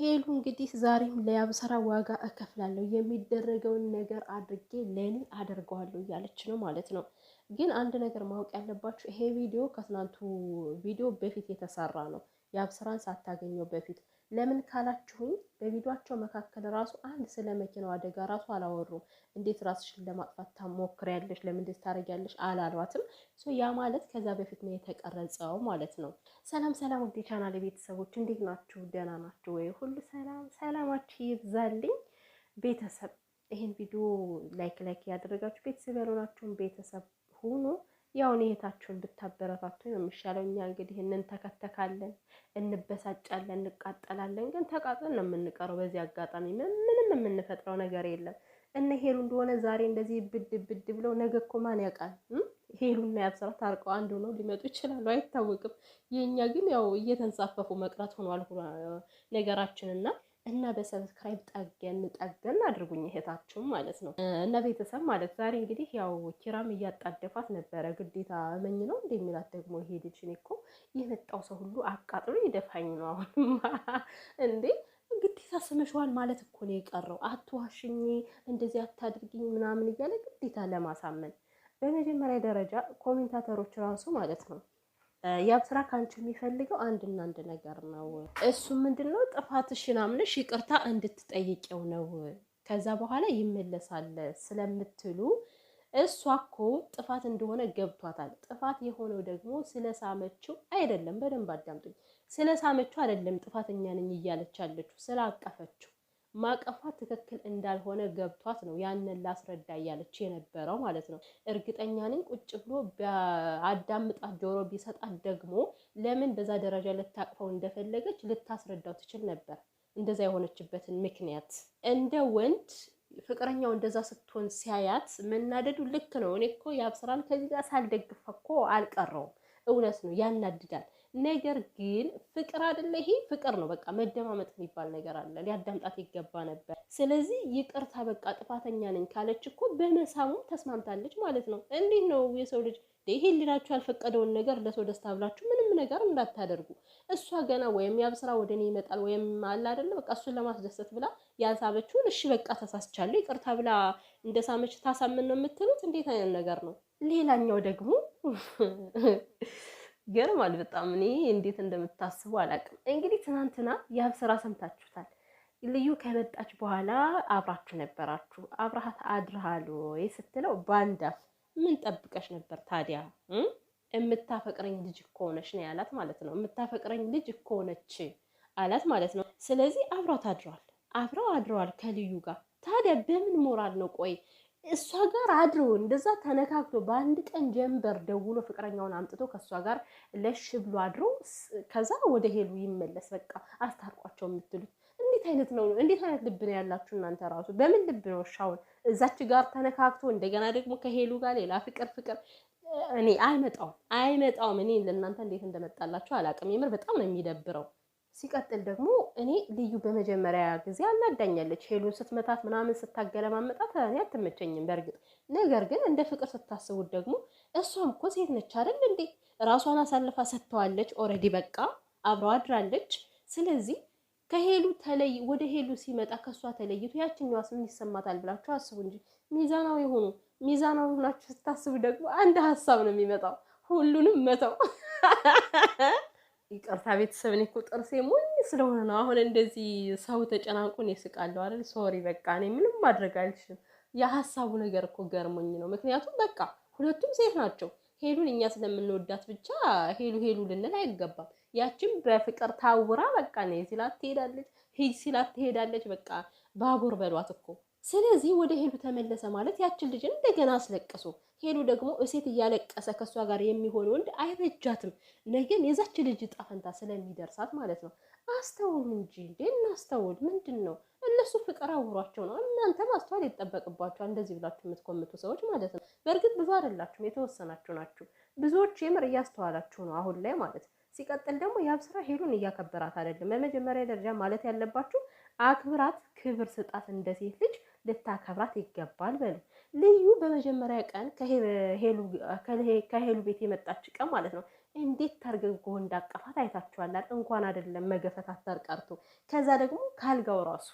ሄሉ እንግዲህ ዛሬም ለያብሰራ ዋጋ እከፍላለሁ የሚደረገውን ነገር አድርጌ ለእኔ አደርገዋለሁ እያለች ነው ማለት ነው። ግን አንድ ነገር ማወቅ ያለባችሁ ይሄ ቪዲዮ ከትናንቱ ቪዲዮ በፊት የተሰራ ነው። የአብስራን ሳታገኘው በፊት ለምን ካላችሁኝ በቪዲዮቸው መካከል ራሱ አንድ ስለ መኪናው አደጋ ራሱ አላወሩም። እንዴት ራስሽን ለማጥፋት ታሞክሪያለሽ? ለምን እንደዚህ ታደርጊያለሽ? አላሏትም። ሶ ያ ማለት ከዛ በፊት ነው የተቀረጸው ማለት ነው። ሰላም ሰላም፣ ውድ ቻናል ቤተሰቦች እንዴት ናችሁ? ደህና ናችሁ ወይ? ሁሉ ሰላም ሰላማችሁ ይብዛልኝ ቤተሰብ። ይህን ቪዲዮ ላይክ ላይክ እያደረጋችሁ ቤተሰብ ያልሆናችሁን ቤተሰብ ያው እኔ እህታችሁን ብታበረታቱ ነው የሚሻለው። እኛ እንግዲህ እንንተከተካለን፣ እንበሳጫለን፣ እንቃጠላለን። ግን ተቃጥለን ነው የምንቀረው። በዚህ አጋጣሚ ምንም የምንፈጥረው ነገር የለም። እነ ሄሉ እንደሆነ ዛሬ እንደዚህ ብድ ብድ ብለው ነገ እኮ ማን ያውቃል? ሄሉና ያብስራ ታርቀው አንድ ሆነው ሊመጡ ይችላሉ፣ አይታወቅም። የእኛ ግን ያው እየተንሳፈፉ መቅረት ሆኗል ነገራችንና እና በሰብስክራይብ ጠገን ጠገን አድርጉኝ እህታችሁም ማለት ነው። እና ቤተሰብ ማለት ዛሬ እንግዲህ ያው ኪራም እያጣደፋት ነበረ። ግዴታ መኝ ነው እንደሚላት ደግሞ ይሄ እኔ እኮ የመጣው ሰው ሁሉ አቃጥሎ ይደፋኝ ነው አሁንማ እንዴ ግዴታ ስመሽዋል ማለት እኮ ነው የቀረው። አትዋሽኝ፣ እንደዚህ አታድርግኝ ምናምን እያለ ግዴታ ለማሳመን በመጀመሪያ ደረጃ ኮሜንታተሮች ራሱ ማለት ነው ስራ ከአንቺ የሚፈልገው አንድና አንድ ነገር ነው። እሱ ምንድን ነው? ጥፋትሽን አምነሽ ይቅርታ እንድትጠይቀው ነው። ከዛ በኋላ ይመለሳል ስለምትሉ እሷ እኮ ጥፋት እንደሆነ ገብቷታል። ጥፋት የሆነው ደግሞ ስለሳመችው አይደለም። በደንብ አዳምጡኝ። ስለሳመችው አይደለም ጥፋተኛ ነኝ እያለች ያለችው ስላቀፈችው ማቀፏ ትክክል እንዳልሆነ ገብቷት ነው ያንን ላስረዳ እያለች የነበረው ማለት ነው። እርግጠኛ ነኝ ቁጭ ብሎ በአዳምጣት ጆሮ ቢሰጣት ደግሞ ለምን በዛ ደረጃ ልታቅፈው እንደፈለገች ልታስረዳው ትችል ነበር። እንደዛ የሆነችበትን ምክንያት እንደ ወንድ ፍቅረኛው እንደዛ ስትሆን ሲያያት መናደዱ ልክ ነው። እኔ እኮ የአብስራን ከዚህ ጋር ሳልደግፈ እኮ አልቀረውም። እውነት ነው ያናድዳል። ነገር ግን ፍቅር አይደለ ይሄ ፍቅር ነው። በቃ መደማመጥ የሚባል ነገር አለ። ሊያዳምጣት ይገባ ነበር። ስለዚህ ይቅርታ በቃ ጥፋተኛ ነኝ ካለች እኮ በመሳሙ ተስማምታለች ማለት ነው። እንዲህ ነው የሰው ልጅ ይሄ ሊላችሁ ያልፈቀደውን ነገር ለሰው ደስታ ብላችሁ ምንም ነገር እንዳታደርጉ። እሷ ገና ወይም ያብስራ ወደ እኔ ይመጣል ወይም አለ አይደለ በቃ እሱን ለማስደሰት ብላ ያሳበችውን እሺ በቃ ተሳስቻለሁ ይቅርታ ብላ እንደሳመች ታሳምን ነው የምትሉት? እንዴት አይነት ነገር ነው? ሌላኛው ደግሞ ገርማል። በጣም እኔ እንዴት እንደምታስቡ አላውቅም። እንግዲህ ትናንትና የአብ ስራ ሰምታችሁታል። ልዩ ከመጣች በኋላ አብራችሁ ነበራችሁ። አብረሃት አድርሃል ወይ ስትለው ባንዳ ምን ጠብቀሽ ነበር ታዲያ? የምታፈቅረኝ ልጅ ከሆነች ሆነች ነው ያላት ማለት ነው። የምታፈቅረኝ ልጅ ከሆነች አላት ማለት ነው። ስለዚህ አብራት አድረዋል፣ አብረው አድረዋል ከልዩ ጋር። ታዲያ በምን ሞራል ነው ቆይ እሷ ጋር አድሮ እንደዛ ተነካክቶ በአንድ ቀን ጀንበር ደውሎ ፍቅረኛውን አምጥቶ ከእሷ ጋር ለሽ ብሎ አድሮ ከዛ ወደ ሄሉ ይመለስ። በቃ አስታርቋቸው የምትሉት እንዴት አይነት ነው? እንዴት አይነት ልብ ነው ያላችሁ እናንተ ራሱ? በምን ልብ ነው ሻውን እዛች ጋር ተነካክቶ እንደገና ደግሞ ከሄሉ ጋር ሌላ ፍቅር ፍቅር እኔ አይመጣውም አይመጣውም። እኔ ለእናንተ እንዴት እንደመጣላችሁ አላቅም። የምር በጣም ነው የሚደብረው። ሲቀጥል ደግሞ እኔ ልዩ በመጀመሪያ ጊዜ አናዳኛለች። ሄሉን ስትመታት ምናምን ስታገለማመጣት እኔ አትመቸኝም በእርግጥ ነገር ግን እንደ ፍቅር ስታስቡት ደግሞ እሷም እኮ ሴት ነች አይደል እንዴ? ራሷን አሳልፋ ሰጥተዋለች። ኦልሬዲ በቃ አብረው አድራለች። ስለዚህ ከሄሉ ተለይ ወደ ሄሉ ሲመጣ ከእሷ ተለይቶ ያችኛዋስ ምን ይሰማታል ብላችሁ አስቡ እንጂ ሚዛናዊ ሆኑ። ሚዛናዊ ሆናችሁ ስታስቡ ደግሞ አንድ ሀሳብ ነው የሚመጣው፣ ሁሉንም መተው ይቅርታ ቤተሰብ፣ እኔ እኮ ጥርሴ ሞኝ ስለሆነ ነው። አሁን እንደዚህ ሰው ተጨናንቆን የስቃለሁ አይደል? ሶሪ በቃ እኔ ምንም ማድረግ አልችልም። የሀሳቡ ነገር እኮ ገርሞኝ ነው። ምክንያቱም በቃ ሁለቱም ሴት ናቸው። ሄሉን እኛ ስለምንወዳት ብቻ ሄሉ ሄሉ ልንል አይገባም። ያችን በፍቅር ታውራ በቃ ነ ሲላት ትሄዳለች፣ ሂጅ ሲላት ትሄዳለች። በቃ ባቡር በሏት እኮ ስለዚህ ወደ ሄሉ ተመለሰ ማለት ያችን ልጅን እንደገና አስለቀሱ። ሄሉ ደግሞ እሴት እያለቀሰ ከእሷ ጋር የሚሆን ወንድ አይበጃትም። ነገን የዛች ልጅ ዕጣ ፈንታ ስለሚደርሳት ማለት ነው። አስተውል እንጂ እንዴ! እናስተውል። ምንድን ነው እነሱ ፍቅር አውሯቸው ነው። እናንተ ማስተዋል ይጠበቅባቸዋል እንደዚህ ብላችሁ የምትኮምቱ ሰዎች ማለት ነው። በእርግጥ ብዙ አይደላችሁም፣ የተወሰናችሁ ናችሁ። ብዙዎች የምር እያስተዋላችሁ ነው አሁን ላይ ማለት። ሲቀጥል ደግሞ የአብስራ ሄሉን እያከበራት አይደለም። በመጀመሪያ ደረጃ ማለት ያለባችሁ አክብራት፣ ክብር ስጣት። እንደ ሴት ልጅ ልታከብራት ይገባል። በሉ ልዩ በመጀመሪያ ቀን ከሄሉ ቤት የመጣች ቀን ማለት ነው እንዴት ታርገጎ እንዳቀፋት አይታችኋላል። እንኳን አይደለም መገፈት ቀርቶ ከዛ ደግሞ ካልጋው ራሱ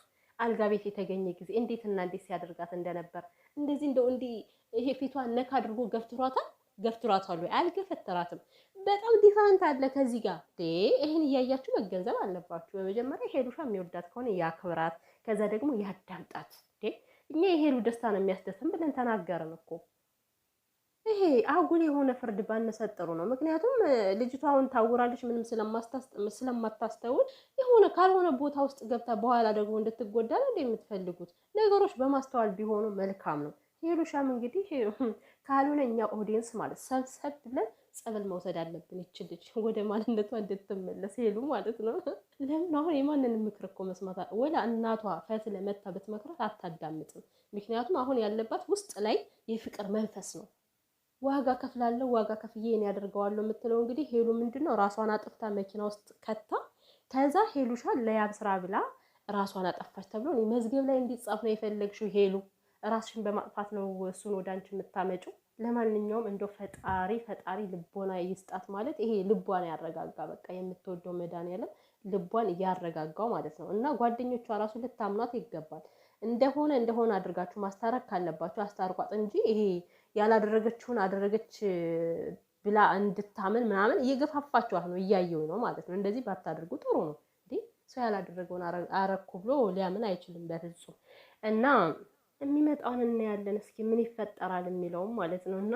አልጋ ቤት የተገኘ ጊዜ እንዴት እና እንዴት ሲያደርጋት እንደነበር እንደዚህ እንደው እንዲህ ይሄ ፊቷን ነካ አድርጎ ገፍትሯታል ገፍትሯታል ወይ አልገፈተራትም። በጣም ዲፈረንት አለ ከዚህ ጋር። ይህን እያያችሁ መገንዘብ አለባችሁ። በመጀመሪያ ሄሉሻ የሚወዳት ከሆነ ያክብራት፣ ከዛ ደግሞ ያዳምጣት። እኛ የሄሉ ደስታ ነው የሚያስደስተን ብለን ተናገርን እኮ። ይሄ አጉል የሆነ ፍርድ ባነሰጥሩ ነው። ምክንያቱም ልጅቷ አሁን ታውራለች ምንም ስለማታስተውል የሆነ ካልሆነ ቦታ ውስጥ ገብታ በኋላ ደግሞ እንድትጎዳ ነው የምትፈልጉት። ነገሮች በማስተዋል ቢሆኑ መልካም ነው። ሄሉሻም እንግዲህ ካልሆነ እኛ ኦዲየንስ ማለት ሰብሰብ ብለን ጸበል መውሰድ አለብን። ይች ወደ ማንነቷ እንድትመለስ ሄሉ ማለት ነው። ለምን አሁን የማንንም ምክር እኮ መስማት ወላ እናቷ ፈት ለመታ ብትመክራት አታዳምጥም። ምክንያቱም አሁን ያለባት ውስጥ ላይ የፍቅር መንፈስ ነው። ዋጋ ከፍላለሁ፣ ዋጋ ከፍዬ እኔ ያደርገዋለሁ የምትለው እንግዲህ ሄሉ ምንድን ነው ራሷን አጥፍታ መኪና ውስጥ ከታ ከዛ ሄሉሻ ለያብ ስራ ብላ ራሷን አጠፋች ተብሎ መዝገብ ላይ እንዲጻፍ ነው የፈለግሽው ሄሉ ራስሽን በማጥፋት ነው እሱን ወደ አንቺ የምታመጪው። ለማንኛውም እንደው ፈጣሪ ፈጣሪ ልቦና ይስጣት ማለት ይሄ ልቧን ያረጋጋ በቃ የምትወደው መድኃኒዓለም ልቧን እያረጋጋው ማለት ነው። እና ጓደኞቿ ራሱ ልታምኗት ይገባል። እንደሆነ እንደሆነ አድርጋችሁ ማስታረቅ ካለባችሁ አስታርቋት እንጂ ይሄ ያላደረገችውን አደረገች ብላ እንድታምን ምናምን እየገፋፋችኋት ነው፣ እያየው ነው ማለት ነው። እንደዚህ ባታደርጉ ጥሩ ነው። እንዲህ ሰው ያላደረገውን አረኩ ብሎ ሊያምን አይችልም በፍጹም እና የሚመጣውን እናያለን። እስኪ ምን ይፈጠራል የሚለውም ማለት ነው እና